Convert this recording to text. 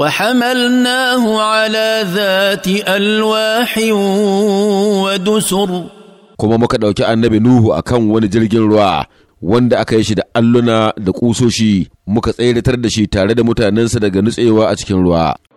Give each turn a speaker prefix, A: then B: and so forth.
A: وحملناه على ذات ألواح ودسر
B: kuma muka ɗauki annabi Nuhu a kan wani jirgin ruwa wanda
C: aka yi shi da alluna da ƙusoshi muka tsayar da shi tare da mutanensa daga nutsewa a cikin ruwa.